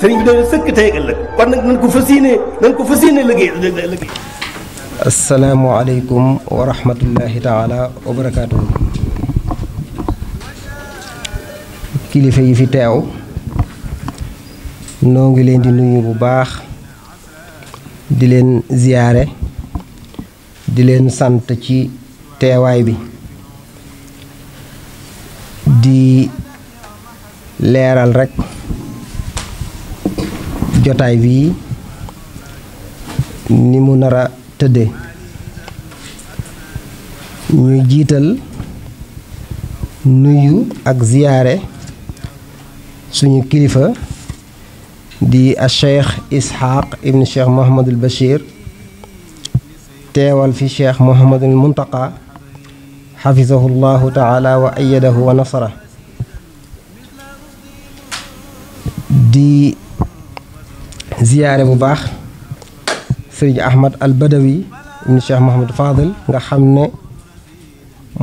sëriñ bi daal sëkk tey ëllëg kon nag nañ ko fas yéenee ko fas yéenee liggéey liggéey. asalaamaaleykum wa rahmatullahi taala wa kilifa yi fi teew. noo ngi leen di nuyu bu baax di leen ziyaare di leen sant ci teewaay bi di leeral rekk jotaay bii ni mu nara a tëdde ñuy jiital nuyu ak ziyaare suñu kilifa di a cheikh isxaaq ibn cheikh mohamadul teewal fi cheikh mohamadul muntaqa xafisahu llahu taala wa ayadahu wa nasara di ziyaare bu baax sëriñ Ahmad al Badawi ibn Cheikh Mouhamad Fadil nga xam ne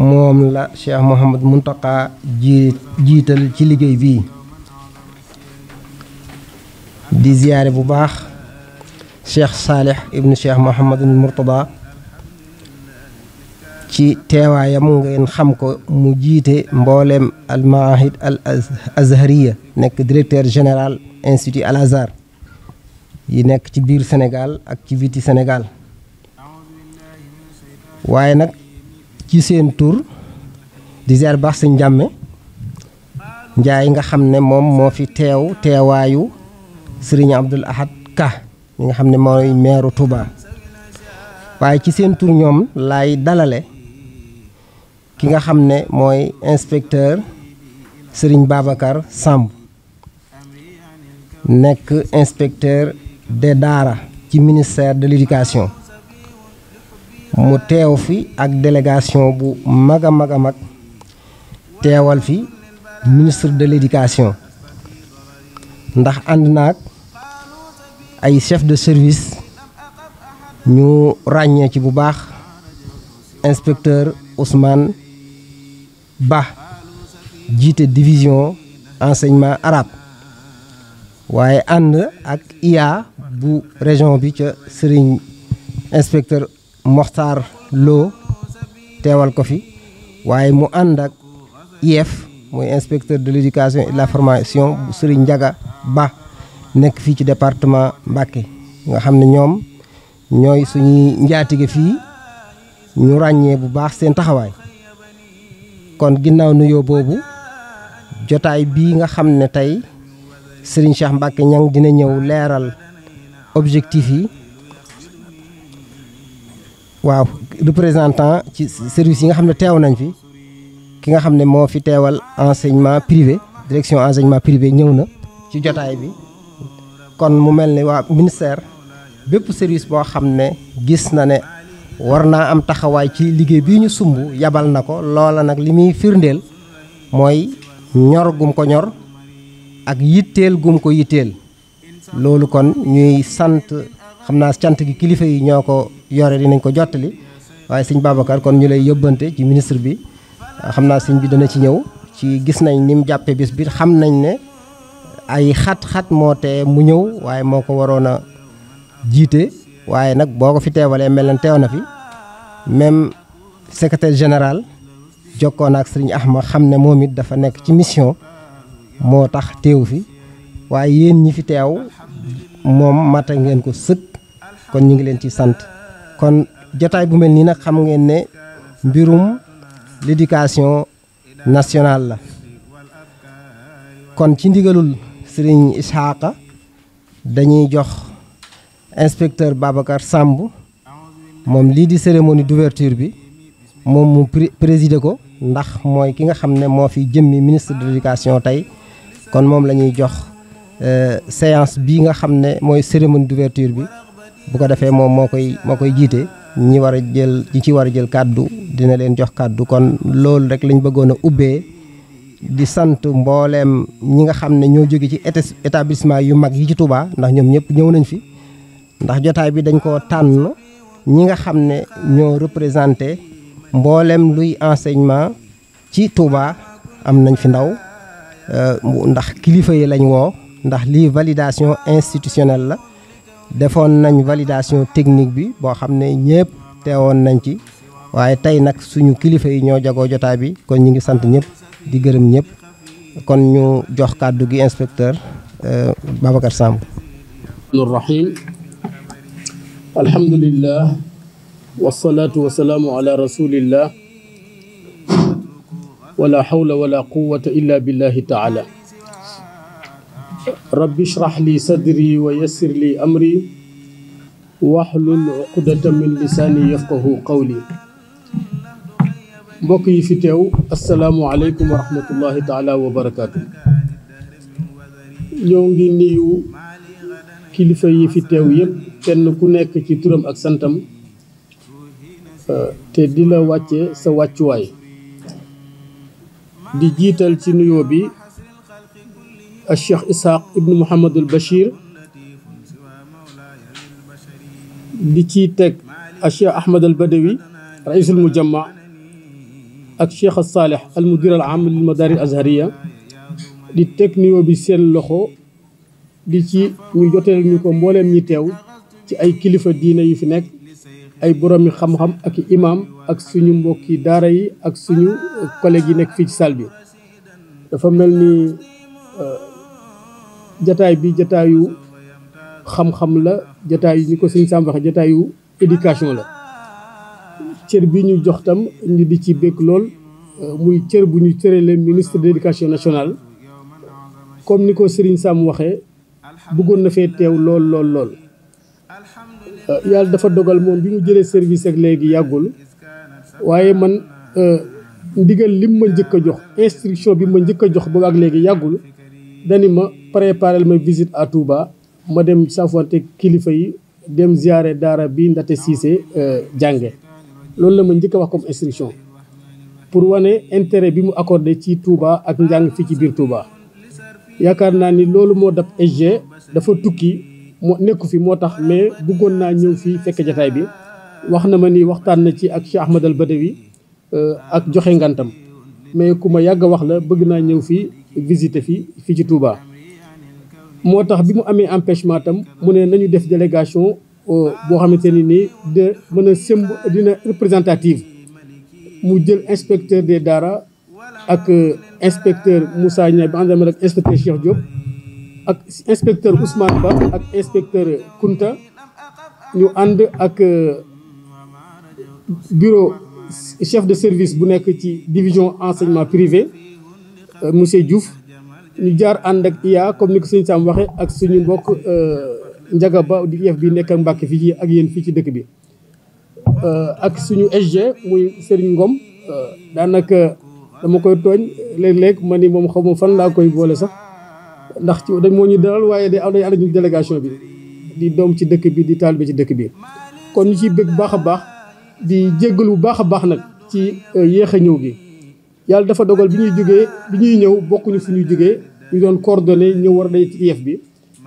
moom la Cheikh Mouhamad Muntaqa jiital ci liggéey bii di ziyaare bu baax Cheikh Saalih ibn Cheikh Mouhamad Murtada ci teewaayam ngeen xam ko mu jiite mbooleem al maahid al azhariya nekk directeur général institut al azhar yi nekk ci biir senegaal ak ci biti Sénégal waaye nag ci seen tur di ziar baax sëñ jàmme njaay nga xam ne moom moo fi teew teewaayu sëriñ Abdul Ahad Ka mi nga xam ne mooy meeru Touba waaye ci seen tur ñoom laay dalale ki nga xam ne mooy inspecteur sëriñ Babacar Samb nekk inspecteur des daara ci ministère de l'éducation mu teew fi ak délégation bu mag a mag a mag teewal fi ministre de l'éducation ndax ànd naag ay chef de service ñu ràññee ci bu baax inspecteur Ousmane Ba jiite division enseignement arabe waaye ànd ak IA bu région bi ca sëriñ inspecteur Mokhtar Lo teewal ko fi waaye mu ànd ak IEF mooy inspecteur de l' éducation et la formation bu Serigne Ndiaga Ba nekk fii ci département Mbacké nga xam ne ñoom ñooy suñuy njaatige fii ñu ràññee bu baax seen taxawaay kon ginnaaw nuyoo boobu jotaay bii nga xam ne tey Serigne Cheikh Mbacké Niang dina ñëw leeral objectif yi waaw représentant ci service yi nga xam ne teew nañ fi ki nga xam ne moo fi teewal enseignement privé direction enseignement privé ñëw na ci jotaay bi kon mu mel ni waa ministère bépp service boo xam ne gis na ne war naa am taxawaay ci liggéey bi ñu sumb yabal na ko loola nag li muy firndeel mooy ñor gum ko ñor ak yitteel gum ko yitteel loolu kon ñuy sant xam naa cant gi kilifa yi ñoo ko yore dinañ ko jottali waaye sëñ Babacar kon ñu lay yóbbante ci ministre bi xam naa sëñ bi dana ci ñëw ci gis nañ ni mu jàppe bis biir xam nañ ne ay xat-xat moo tee mu ñëw waaye moo ko waroon a jiite waaye nag boo ko fi teewalee mel na teew na fi même secrétaire général jokkoon ak sëriñ ma xam ne moom it dafa nekk ci mission moo tax teew fi waaye yéen ñi fi teew moom mata ngeen ko sëkk kon ñu ngi leen ci sant kon jotaay bu mel nii nag xam ngeen ne mbirum l'éducation nationale la kon ci ndigalul Serigne Ishaqa dañuy jox inspecteur Babacar Samb moom lii di cérémonie d'ouverture bi moom mu présider ko ndax mooy ki nga xam ne moo fi jëmmi ministre de l'éducation tey kon moom la ñuy jox Euh, séance bii nga xam ne mooy cérémonie d'ouverture bi bu ko defee moom moo koy moo koy jiite ñi war a jël ñi ci war a jël kàddu dina leen jox kàddu kon loolu rek lañ bëggoon a ubbee di sant mbooleem ñi nga xam ne ñoo jóge ci établissement yu mag yi ci Touba ndax ñoom ñëpp ñëw nañ fi ndax jotaay bi dañ koo tànn ñi nga xam ne ñoo représenté mbooleem luy enseignement ci Touba am nañ fi ndaw euh, ndax kilifa yi lañ woo ndax lii validation institutionnelle la defoon nañ validation technique bi boo xam ne ñëpp woon nañ ci waaye tey nag suñu kilifa yi ñoo jagoo jotaay bi kon ñu ngi sant ñëpp di gërëm ñëpp kon ñu jox kàddu gi inspecteur euh, Babacar Samb rahim alhamdulillah wasalaatu wasalaamu ala rasulillah wala hawla wala quwata illa billahi taala rabbi ishrah li sadri wa yassir li amri wahlul uqdata min lisaani yafqahu qawli mbokk yi fi teew asalaamu aleykum wa rahmatullahi taala wa barakaatu ñoo ngi nuyu kilifa yi fi teew yëpp kenn ku nekk ci turam ak santam euh, te di la wàcce sa wàccuwaay di jiital ci nuyoo bi al cheikh Ishaq ibnu Mouhamadul Bachir di ci teg al cheikh Ahmad al Badawi raisul mujamma ak cheikh al Salih al mudir al azhariya di teg nuyoo bi seen loxo di ci ñu jotee ñu ko mbooleem ñi teew ci ay kilifa diine yu fi nekk ay boroomi xam-xam ak imaam ak suñu mbokki daara yi ak suñu collègue yi nekk fii ci salle bi dafa mel ni jataay bi jataayu xam-xam la jataayu ni ko sëñ Sam waxe jataayu éducation la cër bi ñu jox tam ñu di ci bég lool euh, muy cër bu ñu cërale ministre de l'éducation nationale comme ni ko Serigne Sam waxee bëggoon na fee teew lool lool lool euh, yàlla dafa dogal moom bi mu jëlee service ak léegi yàggul waaye man euh, ndigal lim ma njëkk a jox instruction bi ma njëkk a jox ba ak léegi yàggul dani ma préparel ma visite à Touba ma dem safwante kilifa yi dem ziare daara bi Ndaté Cissé euh, jànge loolu la ma njëkk a wax comme instruction pour wane intérêt bi mu accordé ci Touba ak njàng fii ci biir Touba yaakaar naa ni loolu moo dab SG dafa tukki moo nekku fi moo tax mais bëggoon naa ñëw fii fekk jataay bi wax na ma ni waxtaan na ci ak Cheikh Ahmad al Badawi euh, ak joxe ngantam mais ku ma yàgg wax la bëgg naa ñëw fii visiter fii fii ci Touba moo tax bi mu amee empêchement tam mu ne nañu def délégation euh, boo xamante ni nii de mën a sëmb dina représentative mu jël inspecteur des daara ak euh, inspecteur Moussa Niaye bi ànd ak inspecteur Cheikh Diop ak Ba ak inspecteur Kunta ñu ànd ak euh, bureau chef de service bu nekk ci division enseignement privé monsieur Diouf ñu jaar ànd ak yaa comme ni ko sëñ Sam waxee ak suñu mbokk euh, njaga ba di IEF bi nekk mbàkk Mbàkke fii ci ak yéen fii ci dëkk bi euh, ak suñu SG muy Serigne Ngom euh, daanaka dama koy tooñ léeg-léeg ma ni moom xaw ma fan laa koy boole sax ndax ci dañ moo ñu dalal waaye de day ànd ngi délégation bi di doom ci dëkk bi di taalibe ci dëkk bi kon ñu ci bëgg baax a baax di jéggalu baax a baax nag ci yéex a ñëw gi yàlla dafa dogal bi ñuy jógee bi ñuy ñëw bokkuñu fu ñuy jógee ñu doon coordonné ñëw war day ci IEF bi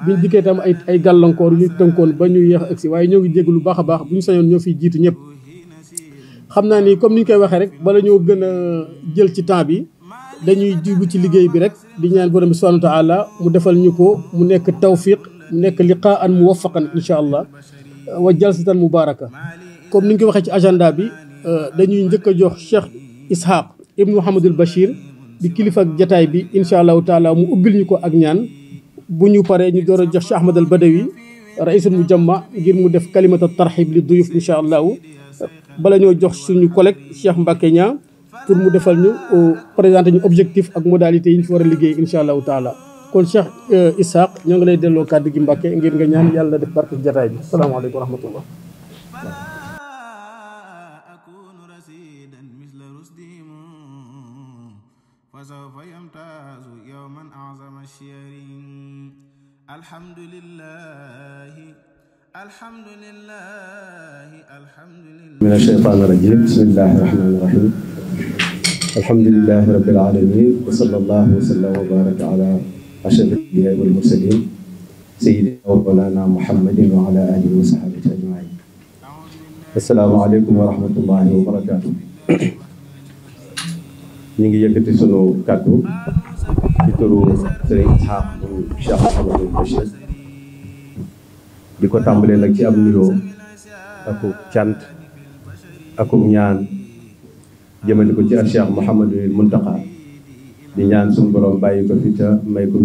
biñ dikkee tam ay ay gàllankoor yu ñu tënkoon ba ñu yéex si waaye ñoo ngi jégg lu baax a baax bu ñu sañoon ñoo fiy jiitu ñëpp xam naa ni comme ni ñu koy waxee rek bala ñoo gën a jël ci temps bi dañuy jugu ci liggéey bi rek di ñaan borom bi subhanahu wa taala mu defal ñu ko mu nekk tawfiq mu nekk liqaan muwafaqan incha allah wa jalsatan mubaraka comme ni ñu koy waxee ci agenda bi euh, dañuy njëkk a jox Cheikh Ishaq ibnu Mouhamadul Bachir di kilifa ak jataay bi incha allahu taala mu ubbil ñu ko ak ñaan bu ñu paree ñu door a jox Cheikh Ahmad al Badawi raisul mu jamma ngir mu def kalimata tarxib li duyuf incha allahu bala ñoo jox suñu collègue Cheikh Mbacke ñaa pour mu defal ñu euh, présenter ñu objectif ak modalité yi ñu fi war a liggéey incha allahu taala kon Cheikh euh, Isaac ñoo ngi lay delloo kàdd gi Mbacke ngir nga ñaan yàlla def barke jataay bi salaamaaleykum wa rahmatullah وسوف يمتاز يوما أعظم الشير الحمد لله الحمد لله الحمد لله من الشيطان الرجيم بسم الله الرحمن الرحيم الحمد لله رب العالمين وصلى الله وسلم وبارك على أشرف الأنبياء والمرسلين سيدنا ومولانا محمد وعلى آله وصحبه أجمعين السلام عليكم ورحمة الله وبركاته ñu ngi yëkkati sunu kàddu ci turu sëriñ Isaax bu ko tàmbalee nag ci ab nuyoo akub cant akub ñaan jëmale ko ci ak Cheikh Mouhamadou Mountakha di ñaan suñu borom bàyyi ko fi ca may ko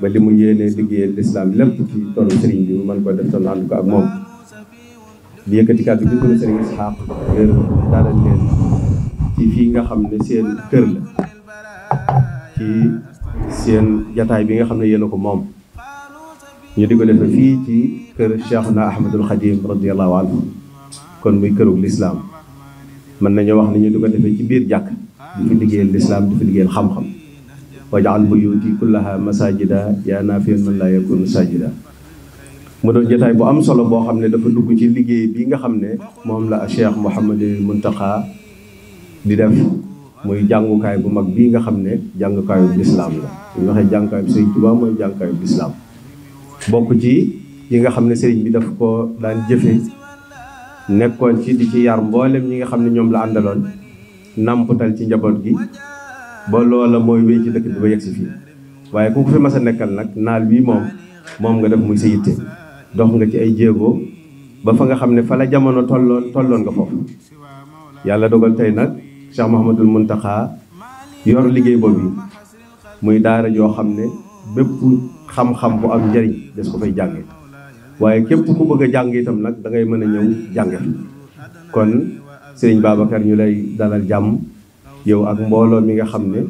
ba li mu yéenee liggéeyal lislaam lépp ci toolu sëriñ bi mu mën ko def toolu ànd ko ak moom di yëkkati kàddu gi turu sëriñ Isaax ngir dalal leen ci fii nga xam ne seen kër la ci seen jataay bi nga xam ne yéen ko moom ñu di ko defe fii ci kër Cheikhuna Ahmadul Xadim radiallahu anhu kon muy kërug lislaam mën nañoo wax ne ñu di ko defee ci biir jàkk di fi liggéeyal lislaam di fi liggéeyal xam-xam wajaal buyuti kullaha masajida yaa naafiyun man laa yakunu sajida mu doon jotaay bu am solo boo xam ne dafa dugg ci liggéey bi nga xam ne moom la Cheikh Mouhamadul Muntaqa di def muy jàngukaay bu mag bii nga xam ne jàngukaayu lislaam la ñu waxee jàngukaayu sëriñ Tuubaa mooy jàngukaayu lislaam bokk ci yi nga xam ne sëriñ bi daf ko daan jëfe nekkoon ci di ci yar mboolem ñi nga xam ne ñoom la àndaloon namputal ci njaboot gi ba loola mooy wéy ci dëkk bi ba yegsi fii waaye ku ko fi mas nekkal nag naal bii moom moom nga def muy sa yitte dox nga ci ay jéego ba fa nga xam ne fa la jamono tolloon tolloon nga foofu yàlla dogal tey nag Cheikh Mouhamadul Mountakha yor liggéey boobu muy daara joo xam ne bépp xam-xam bu am njëriñ des ko fay jànge waaye képp ku bëgg a jàng itam nag dangay mën a ñëw jànge kon sëriñ Babacar ñu lay dalal jàmm yow ak mbooloo mi nga xam ne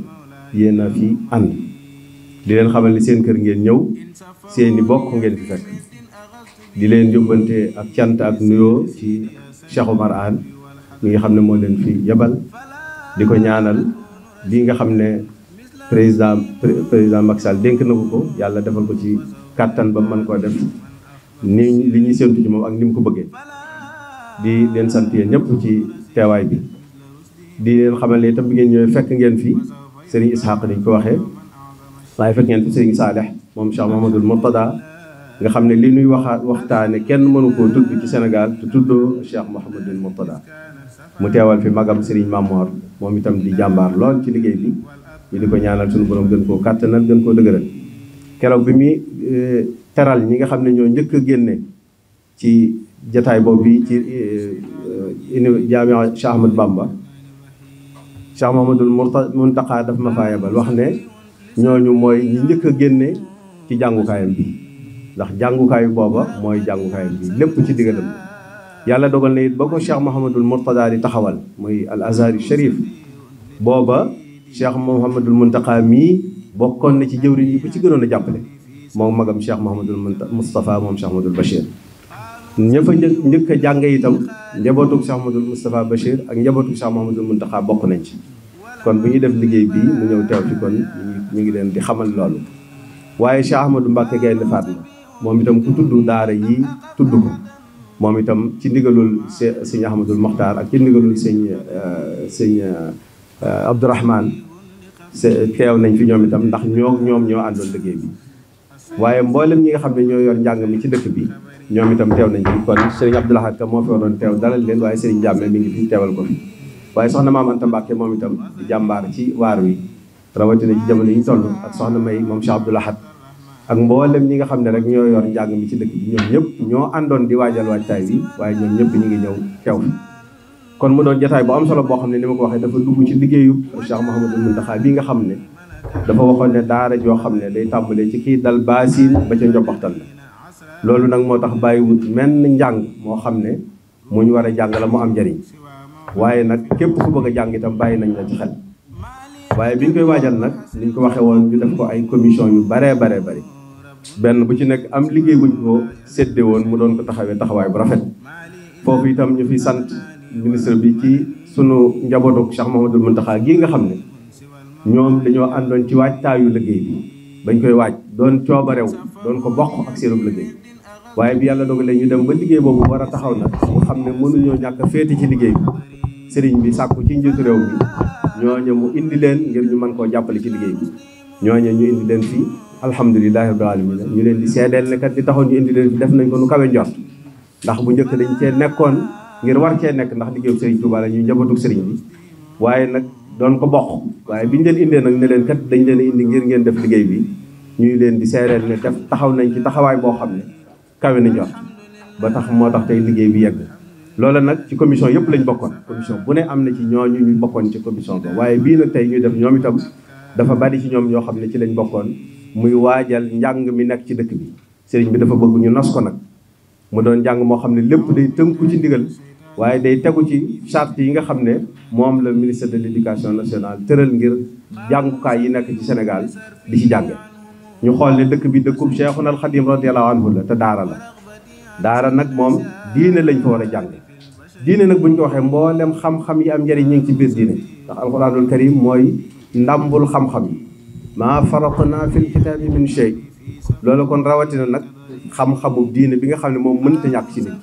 yéen a fi ànd di leen xamal ni seen kër ngeen ñëw seeni bokk ngeen fi fekk di leen yóbbante ak cant ak nuyoo ci Cheikh Oumar mi nga xam ne moo leen fi yebal di ko ñaanal lii nga xam ne président président Macky Sall dénk na ko ko yàlla defal ko ci kàttan ba mën koo def ni li ñuy séntu ci moom ak ni mu ko bëggee di leen sant yéen ñëpp ci teewaay bi di leen xamal ne itam bi ngeen ñëwee fekk ngeen fi Serigne Ishaq dañ ko waxee waaye fekk ngeen fi Serigne Saleh moom Cheikh Mamadou Murtada nga xam ne li nuy waxa waxtaane kenn mënu koo tudd ci Sénégal te tuddoo Cheikh Mouhamadou Murtada mu teewal fi magam Serigne Mamour moom itam di jàmbaar lool ci liggéey bi ñu di ko ñaanal suñu borom gën koo kàttanal gën koo dëgëral keroog bi muy eh, teral ñi nga xam ne ñoo njëkk a génne ci jataay boobu bi ci eh, uni jaamia Cheikh Ahmad Bamba Cheikh Mahamadul Muntaqa daf ma faa yebal wax ne ñooñu mooy njëkk a génne ci jàngukaayam bi ndax jàngukaayu booba mooy jàngukaayam bi lépp ci digalam yàlla dogal na it ba ko cheikh Mouhamadul Mourtada di taxawal muy al azhari sharif booba cheikh Mouhamadul Mountakha mii bokkoon na ci jëwriñ yi ko ci gënoon a jàppale moom magam cheikh Mouhamadul Moustapha moom cheikh Mouhamadul Bachir. ña fa një njëkk a jàng itam njabootu cheikh Mouhamadul Moustapha Bachir ak njabootu cheikh Mouhamadul Mountakha bokk nañ ci. kon bu ñuy def liggéey bii mu ñëw teew ci kon ñu ngi leen di xamal loolu waaye Cheikh Ahmadou Mbacke Gaynde Fatma moom itam ku tudd daara yi tudd ko moom itam ci ndigalul sëñ Ahmadul Mokhtar ak ci ndigalul sëñ euh, sëñ euh, Abdourahman teew nañ fi ñoom itam ndax ñoo ñoom ñoo àndoon liggéey bi waaye mboolem ñi nga xam ne ñoo yor njàng mi ci dëkk bi ñoom itam teew nañ fi kon sëriñ Abdou Lahad Ka moo fi waroon teew dalal leen waaye sëriñ Jàmme mi ngi fi teewal ko fi waaye soxna maam Anta Mbàkke moom itam jàmbaar ci waar wi rawatina ci jamono yi ñu toll ak soxna May moom Cheikh Abdou ak mboolem ñi nga xam ne rek ñoo yor njàng mi ci dëkk bi ñoom ñëpp ñoo àndoon di waajal waajtaay bi waaye ñoom ñëpp ñu ngi ñëw teew kon mu doon jotaay boo am solo boo xam ne ni ma ko waxee dafa dugg ci liggéeyu Cheikh bi nga xam ne dafa waxoon ne daara joo xam ne day tàmbalee ci kii dal baasin ba ca njobbaxtal la loolu nag moo tax bàyyiwut menn njàng moo xam ne mu ñu war a jàng la mu am njariñ waaye nag képp ku bëgg a jàng itam bàyyi nañ la ci xel waaye bi ñu koy waajal nag ni ñu ko waxee woon ñu def ko ay commission yu baree baree bari benn bu ci nekk am liggéey buñ ko séddee woon mu doon ko taxawee taxawaay bu rafet foofu itam ñu fi sant ministre bi ci sunu njabootu Cheikh Mouhamadoul Mountakha gii nga xam ne ñoom dañoo àndoon ci waajtaayu liggéey bi bañ koy waaj doon coobarew doon ko bokk ak seenub liggéey waaye bi yàlla dogalee ñu dem ba liggéey boobu war a taxaw nag mu xam ne mënuñoo ñàkk féete ci liggéey bi sëriñ bi sàkku ci njiitu réew bi ñooñu mu indi leen ngir ñu mën koo jàppale ci liggéey bi alhamdulilahi rabbil alamin ñu leen di seedeel ne kat li taxoon ñu indi leen di def nañ ko nu kawe njort ndax bu njëkk dañ cee nekkoon ngir war cee nekk ndax liggéeyu Serigne Touba la ñu njabootug Serigne bi waaye nag doon ko bokk waaye biñu leen indee nag ne leen kat dañ leen indi ngir ngeen def liggéey bi ñuy leen di seedeel ne def taxaw nañ ci taxawaay boo xam ne kawe na njort ba tax moo tax tey liggéey bi yegg loola nag ci commission yëpp lañ bokkoon commission bu ne am na ci ñooñu ñu bokkoon ci commission ba waaye bii nag tey ñuy def ñoom itam dafa bari ci ñoom ñoo xam ne ci lañ bokkoon muy waajal njàng mi nekk ci dëkk bi sëriñ bi dafa bëgg ñu nos ko nag mu doon jàng moo xam ne lépp day tënku ci ndigal waaye day tegu ci charte yi nga xam ne moom la ministre de l' éducation nationale tëral ngir jàngukaay yi nekk ci Sénégal di ci jàng ñu xool ne dëkk bi dëkkub Cheikhuna al Xadim radiyallahu anhu la te daara la daara nag moom diine lañ fa war a jàng diine nag buñ ko waxee mboolem xam-xam yi am njëriñ ñu ngi ci biir diine ndax alxuraanul karim mooy ndambul xam-xam maa faraqnaa fil kitaabi min shay loolu kon rawatina nag xam-xamu diine bi nga xam ne moom mënta ñàkk ci nit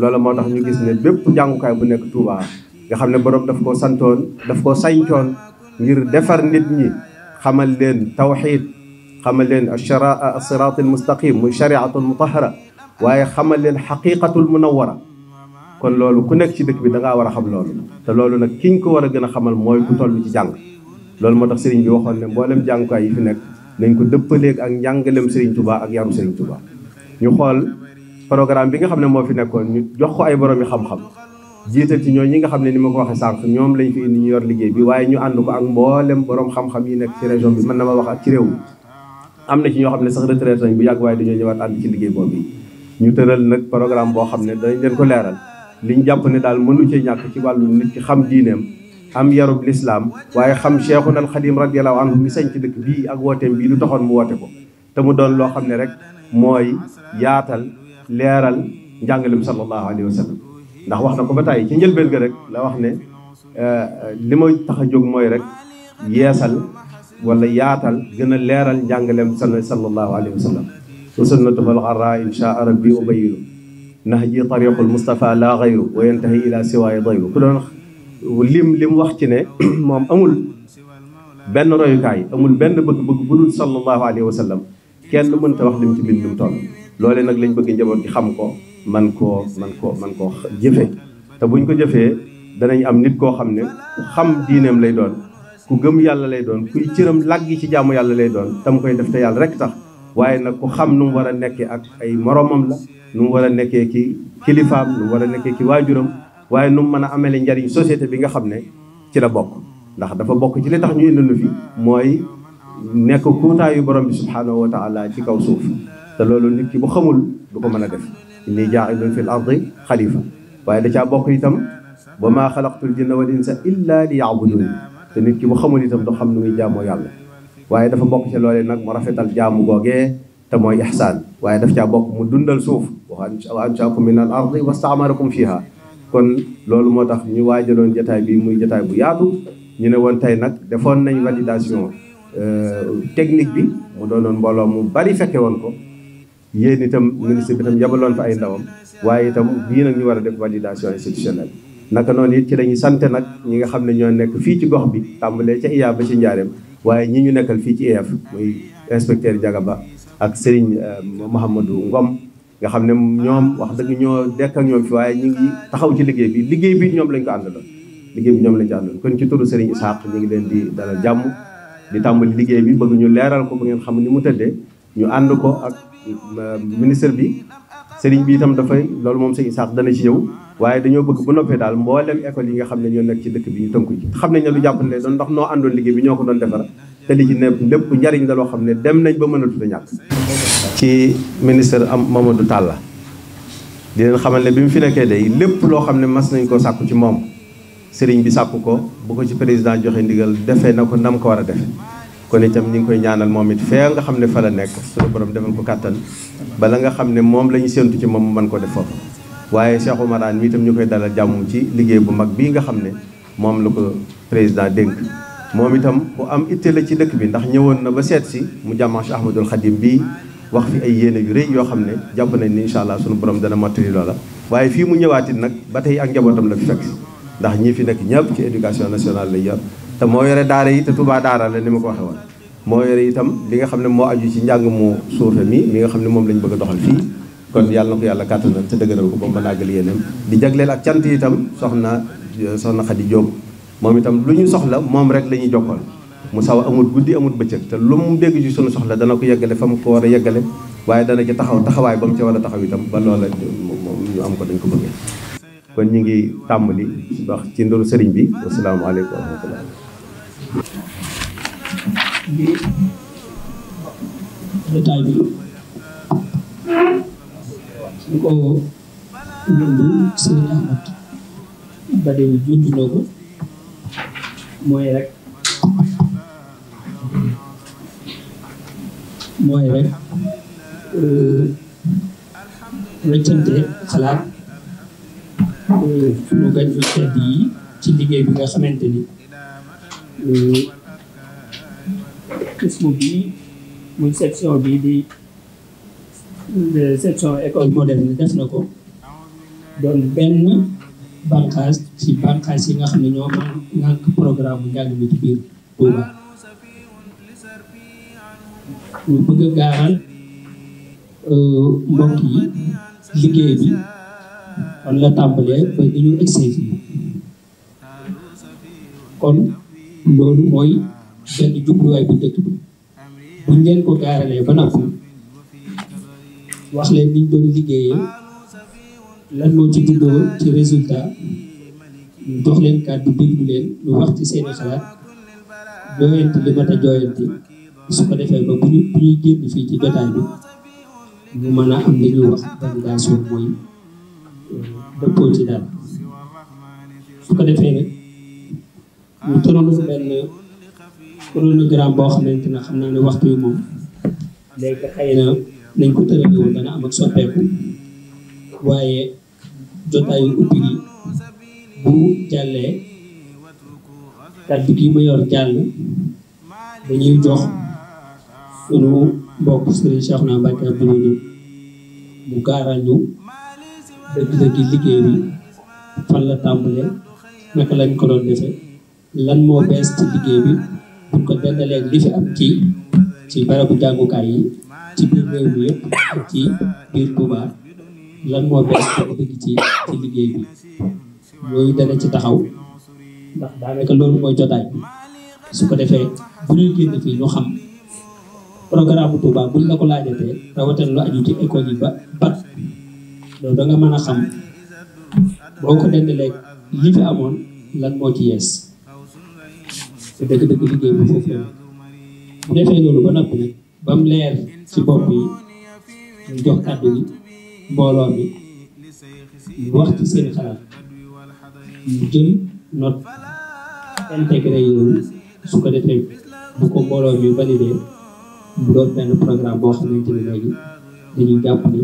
loolu moo tax ñu gis ne bépp jàngukaay bu nekk Touba nga xam ne borom daf koo santoon daf koo sañcoon ngir defar nit ñi xamal leen tawxiid xamal leen a ashara asiraatul mustaqim muy shariatul mutahara waaye xamal leen xaqiqatul munawara kon loolu ku nekk ci dëkk bi da ngaa war a xam loolu te loolu nag kiñ ko war a gën a xamal mooy ku toll ci jàng loolu moo tax sëriñ bi waxoon ne mboolem jàngukaay yi fi nekk nañ ko dëppaleeg ak njàngalem sëriñ Touba ak yaru sëriñ Touba ñu xool programme bi nga xam ne moo fi nekkoon ñu jox ko ay borom yi xam-xam jiital ci ñoo ñi nga xam ne ni ma ko waxee sànq ñoom lañ fi indi ñu yor liggéey bi waaye ñu ànd ko ak mboolem borom xam-xam yi nekk ci région bi mën na ma wax ak ci réew mi am na ci ñoo xam ne sax retraité nañ bu yàgg waaye dañoo ñëwaat ànd ci liggéey boobu ñu tëral nag programme boo xam ne dañ leen ko leeral liñ jàpp ne daal mënu cee ñàkk ci wàllu nit ki xam diineem am yarub lislaam waaye xam cheikhuna al xadim radiallahu anhu mi sañ ci dëkk bii ak wooteem bii lu taxoon mu woote ko te mu doon loo xam ne rek mooy yaatal leeral njàngalem sallallahu alayhi wa sallam ndax wax na ko ba tàyyi ci njëlbeen ga rek la wax ne euh, euh, li ma tax a jóg mooy rek yeesal wala yaatal gën a leeral njàngalem san sallallahu alayhi wa sallam wa sunnatuhu alxarra inshaa rabbi ubayinu nahji tariqul mustafa la gayru wa yantahi ila siwaay dayru ku doon lim lim wax ci ne moom amul benn royukaay amul benn bëgg-bëgg bu dul sallallahu alayhi wa sallam kenn mënta wax mu ci bind lim toll loole nag lañ bëgg njaboot gi xam ko man koo man koo man koo jëfe te buñ ko jëfee danañ am nit koo xam ne ku xam diineem lay doon ku gëm yàlla lay doon kuy cëram làggi ci jaamu yàlla lay doon tam koy def te yàlla rek tax waaye nag ku xam nu mu war a nekkee ak ay moromam la nu mu war a nekkee ki kilifaam nu mu war a nekkee ki waaye nu mu mën a amele njariñ société bi nga xam ne ci la bokk ndax dafa bokk ci li tax ñu indi nu fi mooy nekk kuutaayu borom bi subhaanahu wa taala ci kaw suuf te loolu nit ki bu xamul du ko mën a def inni jaailun fi l ardi xalifa waaye da caa bokk itam wa maa xalaqtul jinna wal insa illa li yaabudun te ki bu xamul itam du xam nu muy yàlla waaye dafa bokk ci loolee nag mu rafetal jaamu googee te mooy ixsaan waaye daf caa bokk mu dundal suuf wa anshaakum min al wa wastaamarakum fiha kon loolu moo tax ñu waajaloon jataay bi muy jataay bu yaatu ñu ne woon tey nag defoon nañ validation euh, technique bi mu doonoon mbooloo mu bari fekke woon ko yéen itam ministre bi itam yabaloon fa ay ndawam waaye itam bii nag ñu war a def validation institutionnelle naka noonu it ci lañuy sant nag ñi nga xam ne ñoo nekk fii ci gox bi tàmbalee ca iya ci njaareem waaye ñi ñu nekkal fii ci EF muy inspecteur Jagaba ak Serigne euh, Mouhamadou Ngom nga xam ne ñoom wax dëgg ñoo dekk ak ñoom fi waaye ñu ngi taxaw ci liggéey bi liggéey bi ñoom lañ ko àndaloon liggéey bi ñoom lañ ko àndaloon kon ci turu Serigne Isaac ñu ngi di dalal jàmm di tàmbali liggéey bi bëgg ñu leeral ko ba ngeen xam ni mu tëddee ñu ànd ko ak ministre bi Serigne bi itam dafay loolu moom Serigne Isaac dana ci ñëw waaye dañoo bëgg bu noppee daal mboolem école yi nga xam ne ñoo nekk ci dëkk bi ñu tënku ci xam nañ ne lu jàpp ne doon ndax noo àndoon liggéey bi ñoo ko doon defar te li ci ne lépp njariñ la loo xam ne dem nañ ba mënatu da ñàkk ci ministre am Mamadou Talla di leen xamal ne bi mu fi nekkee day lépp loo xam ne mas nañ koo sàkku ci moom sëriñ bi sàkku ko bu ko ci président joxe ndigal defee na ko nam ko war a defe kon itam ñu ngi koy ñaanal moom it fee nga xam ne fa la nekk suñu borom defal ko kàttan bala xam ne moom la ñu séentu ci moom man koo def foofu waaye Cheikh Oumar Anne mi itam ñu koy dalal jàmm ci liggéey bu mag bii nga xam ne moom la ko président dénk moom itam bu am itte la ci dëkk bi ndax ñëwoon na ba seet si mu jàmmanche Ahmadul Xadim bii wax fi ay yéene yu rëy yoo xam ne jàpp nañ ni incha allah sunu borom dana mottali loola waaye fii mu ñëwaatit nag ba tey ak njabootam la fi fekk ndax ñi fi nekk ñëpp ci éducation nationale lay yor te moo yore daara yi te Touba daara la ni ma ko waxee woon moo yore itam li nga xam ne moo aju ci njàng mu suufe mi li nga xam ne moom lañ bëgg doxal fii kon yàlla na ko yàlla kàttanal te dëgëral ko ba mu mën a àggal yéenam di jagleel ak cant itam soxna soxna Xadi Jóob moom itam lu ñu soxla moom rek la ñuy jokkoon mu saw amul guddi amul bëccëg te lu mu dégg ci sunu soxla dana ko yeggale fa mu ko war a yeggale waaye dana ci taxaw taxawaay ba mu ci war a taxaw itam ba loola ñu am ko dañ ko bëggee ñu ngi tàmbali wax ci ndoru bi asalaamaaleykum wa rahmatullah ba de junj na mooy rek mooy rek weccante euh, xalaat suñu euh, gan yu tedd yi ci liggéey bi nga xamante ni qisme euh, bi muy section bi di section école moderne def na ko doon benn bànqaas ci bànqaas yi nga xam ne ñoo man ngànk programme njàng mi ci biir Touba ñu bëgg a gaaral euh, mbokk yi liggéey bi fan la tàmbalee ba di ñu egsi kon loolu mooy benn jubluwaay bu njëkk bi buñ leen ko gaaralee ba nag wax leen niñ doon liggéeyee lan moo ci diggoo ci résultat ñu jox leen kàddu déglu leen ñu wax ci seeni xalaat jooyanti li mat a jooyanti su ko defee ba bu ñuy génn fii ci jotaay bi mu mën a am li ñuy wax validation mooy euh, dëppoo ci dara su ko defee nag ñu tëralu boo xamante ne xam naa ne waxtu yi moom léegi xëy na nañ ko tërale woon dana am ak soppeeku waaye jotaayu ubbi gi bu jàllee kàddu gi ma yor jàll dañuy jox suñu mbokk su Cheikhouna Mbacké Abdoul Wadoud mu gaaral ñu dëgg-dëgg liggéey bi fan la tàmbalee naka lañ ko doon defee lan moo bees ci liggéey bi ko dendalee li fi ci ci barabu jàngukaay yi ci biir réew mi yëpp ak ci biir Touba lan moo bees ci liggéey bi yooyu dana ci taxaw ndax daanaka loolu mooy jotaay bi su ko defee bu ñuy génn fii ñu xam programme bu Touba buñ la ko laajatee rawatina lu aju ci école yi ba bat loolu danga mën a xam boo ko dendalee li fi amoon lan moo ci yees te dëgg ne liggéey bi ba noppi nag ba mu leer ci bopp yi ñu jox kàddu gi mbooloo mi ñu wax ci seen xalaat ñu jël note intégré yooyu su ko defee bu ko mbooloo mi validé. mu doon benn programme boo xamante ni léegi dañuy jàpp ni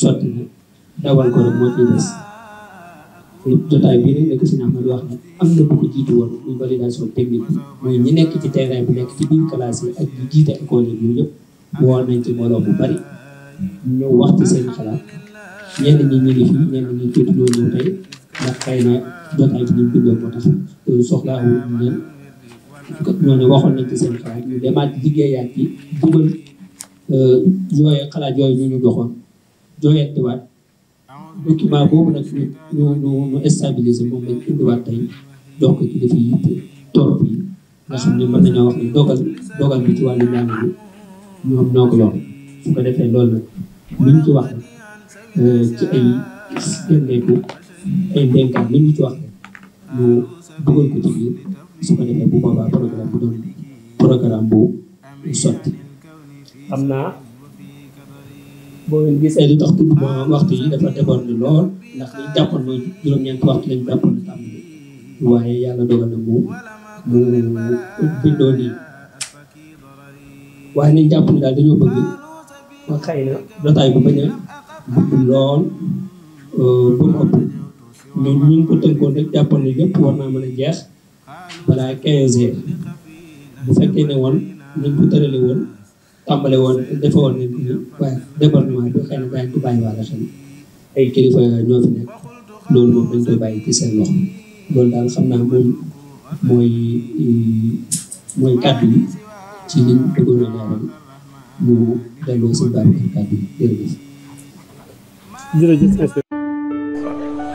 sotti na dawal ko rek moo ciy des jotaay bii rek la si na am na bu ko jiitu woon muy validation mooy ñi nekk ci terrain bi nekk ci biir classe yi ak ñi jiite école yi ñun yëpp woo nañ ci mbooloo bu bari ñëw wax ci seen xalaat ñenn ñi ñu fi ñenn ñi jotuñoo ñëw tey ndax xëy na jotaay bi ñu bindoo moo tax soxlaawu ñu leen kat ñooñu waxoon nañ ci seen xalaat yu demaat liggéeyaat ci dugal euh, yooyu xalaat yooyu ñu ñu doxoon jooyantiwaat document boobu nag ñu ñu ñu ñu stabiliser moom lañ indiwaat tey jox ko ci wàllu njàng bi ñoom ñoo ko defee loolu nag liñ ci wax euh, ci ay seen ay ndénkaan liñ ci wax mu dugal ko ci su ko defee bu boobaa programme bu doon programme bu sotti. xam naa boo leen gisee lu tax tudd ma waxtu yi dafa déborde lool ndax liñ jàppoon mooy juróom-ñeenti waxtu lañ jàppoon tàmbali waaye yàlla jàpp ni daal dañoo bëgg ma xëy na jotaay bu bañ a lool euh, ba mu ëpp ñu ko tënkoon rek jàppoon ne lépp war naa mën a jeex. balaa quinze heures bu fekkee ne woon nañ ko tërale woon tàmbale woon defe woon nañ ko waaye département bi xëy na ay kilifa ñoo fi nekk loolu moom dañ koy bàyyi ci seen loxo loolu daal xam naa moom mooy mooy kàddu yi ci liñ duggoon a leeral mu delloo si bàyyi kàddu yi jërëjëf.